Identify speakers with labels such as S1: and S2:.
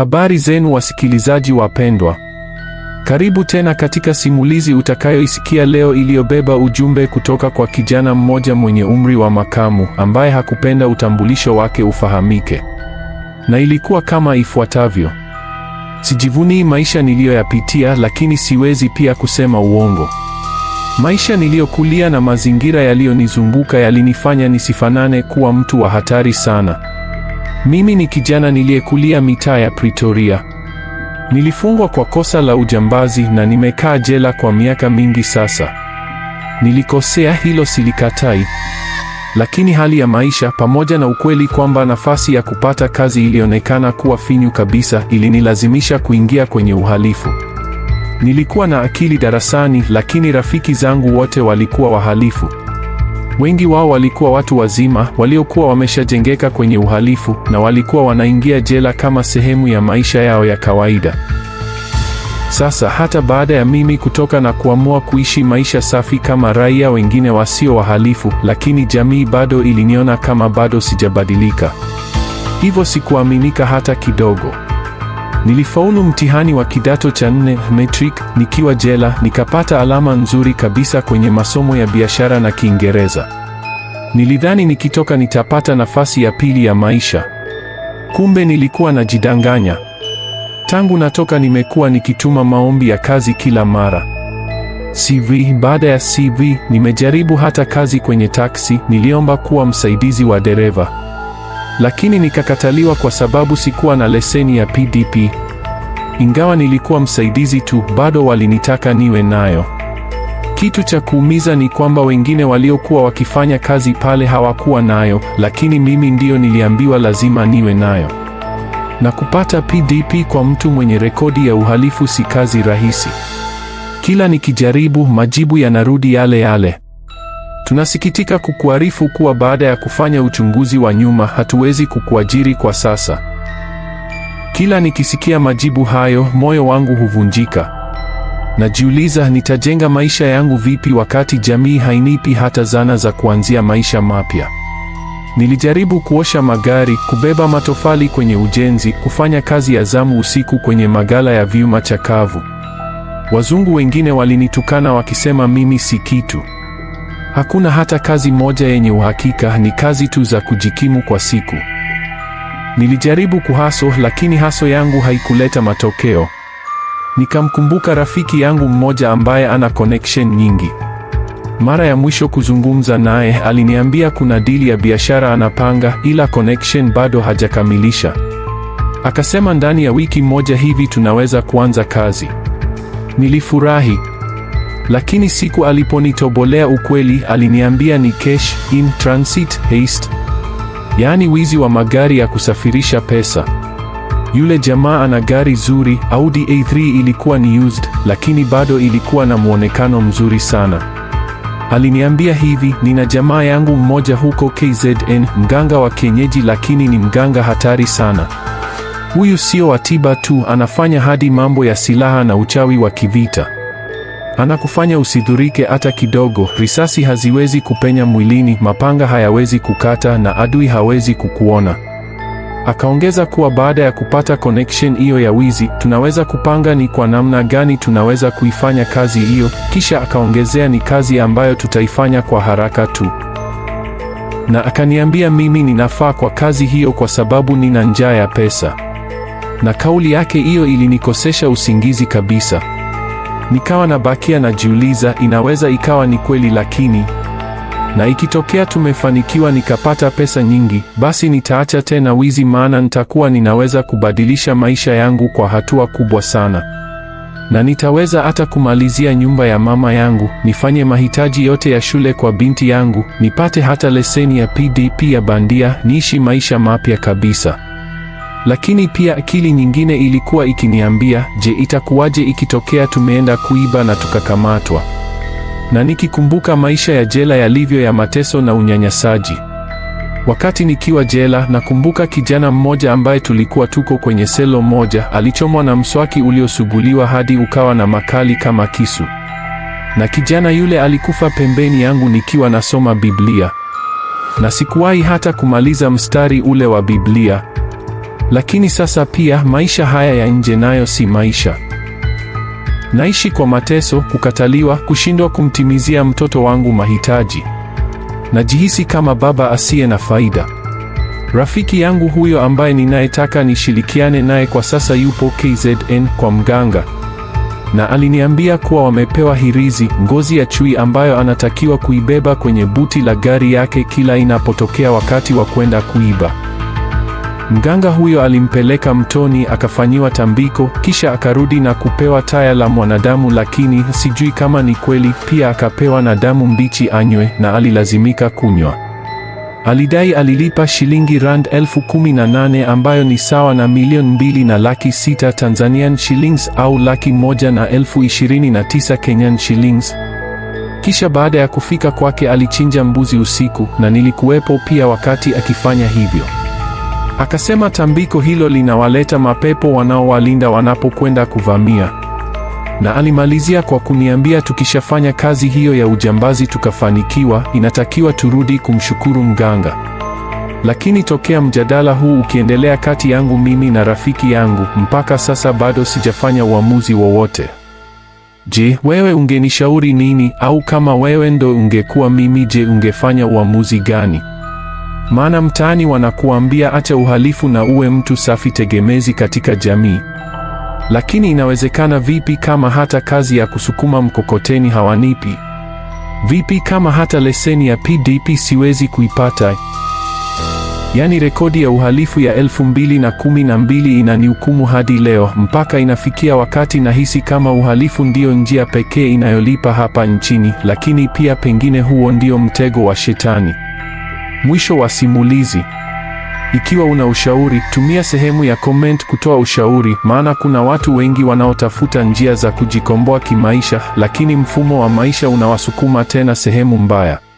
S1: Habari zenu wasikilizaji wapendwa, karibu tena katika simulizi utakayoisikia leo iliyobeba ujumbe kutoka kwa kijana mmoja mwenye umri wa makamu ambaye hakupenda utambulisho wake ufahamike, na ilikuwa kama ifuatavyo: sijivunii maisha niliyoyapitia, lakini siwezi pia kusema uongo. Maisha niliyokulia na mazingira yaliyonizunguka yalinifanya nisifanane kuwa mtu wa hatari sana mimi ni kijana niliyekulia mitaa ya Pretoria. Nilifungwa kwa kosa la ujambazi na nimekaa jela kwa miaka mingi sasa. Nilikosea, hilo silikatai. Lakini hali ya maisha pamoja na ukweli kwamba nafasi ya kupata kazi ilionekana kuwa finyu kabisa ilinilazimisha kuingia kwenye uhalifu. Nilikuwa na akili darasani, lakini rafiki zangu wote walikuwa wahalifu. Wengi wao walikuwa watu wazima waliokuwa wameshajengeka kwenye uhalifu na walikuwa wanaingia jela kama sehemu ya maisha yao ya kawaida. Sasa hata baada ya mimi kutoka na kuamua kuishi maisha safi kama raia wengine wasio wahalifu, lakini jamii bado iliniona kama bado sijabadilika. Hivyo sikuaminika hata kidogo. Nilifaulu mtihani wa kidato cha nne metric nikiwa jela, nikapata alama nzuri kabisa kwenye masomo ya biashara na Kiingereza. Nilidhani nikitoka nitapata nafasi ya pili ya maisha, kumbe nilikuwa najidanganya. Tangu natoka nimekuwa nikituma maombi ya kazi kila mara, CV baada ya CV. Nimejaribu hata kazi kwenye taksi, niliomba kuwa msaidizi wa dereva lakini nikakataliwa kwa sababu sikuwa na leseni ya PDP. Ingawa nilikuwa msaidizi tu, bado walinitaka niwe nayo. Kitu cha kuumiza ni kwamba wengine waliokuwa wakifanya kazi pale hawakuwa nayo, lakini mimi ndiyo niliambiwa lazima niwe nayo. Na kupata PDP kwa mtu mwenye rekodi ya uhalifu si kazi rahisi. Kila nikijaribu, majibu yanarudi yale yale. Tunasikitika kukuarifu kuwa baada ya kufanya uchunguzi wa nyuma, hatuwezi kukuajiri kwa sasa. Kila nikisikia majibu hayo, moyo wangu huvunjika. Najiuliza, nitajenga maisha yangu vipi wakati jamii hainipi hata zana za kuanzia maisha mapya? Nilijaribu kuosha magari, kubeba matofali kwenye ujenzi, kufanya kazi ya zamu usiku kwenye magala ya vyuma chakavu. Wazungu wengine walinitukana wakisema mimi si kitu. Hakuna hata kazi moja yenye uhakika, ni kazi tu za kujikimu kwa siku. Nilijaribu kuhaso, lakini haso yangu haikuleta matokeo. Nikamkumbuka rafiki yangu mmoja ambaye ana connection nyingi. Mara ya mwisho kuzungumza naye, aliniambia kuna dili ya biashara anapanga, ila connection bado hajakamilisha. Akasema ndani ya wiki moja hivi tunaweza kuanza kazi. Nilifurahi lakini siku aliponitobolea ukweli aliniambia ni cash in transit haste, yaani wizi wa magari ya kusafirisha pesa. Yule jamaa ana gari zuri, Audi A3 ilikuwa ni used, lakini bado ilikuwa na mwonekano mzuri sana. Aliniambia hivi, nina jamaa yangu mmoja huko KZN, mganga wa kienyeji, lakini ni mganga hatari sana. Huyu sio wa tiba tu, anafanya hadi mambo ya silaha na uchawi wa kivita. Anakufanya usidhurike hata kidogo. Risasi haziwezi kupenya mwilini, mapanga hayawezi kukata, na adui hawezi kukuona. Akaongeza kuwa baada ya kupata connection hiyo ya wizi, tunaweza kupanga ni kwa namna gani tunaweza kuifanya kazi hiyo. Kisha akaongezea ni kazi ambayo tutaifanya kwa haraka tu, na akaniambia mimi ninafaa kwa kazi hiyo kwa sababu nina njaa ya pesa. Na kauli yake hiyo ilinikosesha usingizi kabisa. Nikawa nabakia najiuliza, inaweza ikawa ni kweli, lakini na ikitokea tumefanikiwa nikapata pesa nyingi, basi nitaacha tena wizi, maana nitakuwa ninaweza kubadilisha maisha yangu kwa hatua kubwa sana, na nitaweza hata kumalizia nyumba ya mama yangu, nifanye mahitaji yote ya shule kwa binti yangu, nipate hata leseni ya PDP ya bandia, niishi maisha mapya kabisa. Lakini pia akili nyingine ilikuwa ikiniambia, je, itakuwaje ikitokea tumeenda kuiba na tukakamatwa? Na nikikumbuka maisha ya jela yalivyo ya mateso na unyanyasaji. Wakati nikiwa jela, nakumbuka kijana mmoja ambaye tulikuwa tuko kwenye selo moja, alichomwa na mswaki uliosuguliwa hadi ukawa na makali kama kisu. Na kijana yule alikufa pembeni yangu nikiwa nasoma Biblia. Na sikuwahi hata kumaliza mstari ule wa Biblia. Lakini sasa pia maisha haya ya nje nayo si maisha. Naishi kwa mateso, kukataliwa, kushindwa kumtimizia mtoto wangu mahitaji. Najihisi kama baba asiye na faida. Rafiki yangu huyo ambaye ninayetaka nishirikiane naye kwa sasa yupo KZN kwa mganga, na aliniambia kuwa wamepewa hirizi, ngozi ya chui ambayo anatakiwa kuibeba kwenye buti la gari yake kila inapotokea wakati wa kwenda kuiba. Mganga huyo alimpeleka mtoni akafanyiwa tambiko, kisha akarudi na kupewa taya la mwanadamu, lakini sijui kama ni kweli. Pia akapewa na damu mbichi anywe, na alilazimika kunywa. Alidai alilipa shilingi rand elfu kumi na nane ambayo ni sawa na milioni mbili na laki sita Tanzanian shillings au laki moja na elfu ishirini na tisa Kenyan shillings. Kisha baada ya kufika kwake alichinja mbuzi usiku, na nilikuwepo pia wakati akifanya hivyo. Akasema tambiko hilo linawaleta mapepo wanaowalinda wanapokwenda kuvamia. Na alimalizia kwa kuniambia tukishafanya kazi hiyo ya ujambazi tukafanikiwa, inatakiwa turudi kumshukuru mganga. Lakini tokea mjadala huu ukiendelea kati yangu mimi na rafiki yangu, mpaka sasa bado sijafanya uamuzi wowote. Je, wewe ungenishauri nini? Au kama wewe ndo ungekuwa mimi, je, ungefanya uamuzi gani? maana mtaani wanakuambia acha uhalifu na uwe mtu safi tegemezi katika jamii. Lakini inawezekana vipi kama hata kazi ya kusukuma mkokoteni hawanipi? Vipi kama hata leseni ya PDP siwezi kuipata? Yaani rekodi ya uhalifu ya 2012 inanihukumu hadi leo, mpaka inafikia wakati nahisi kama uhalifu ndiyo njia pekee inayolipa hapa nchini, lakini pia pengine huo ndio mtego wa Shetani. Mwisho wa simulizi. Ikiwa una ushauri, tumia sehemu ya comment kutoa ushauri, maana kuna watu wengi wanaotafuta njia za kujikomboa kimaisha, lakini mfumo wa maisha unawasukuma tena sehemu mbaya.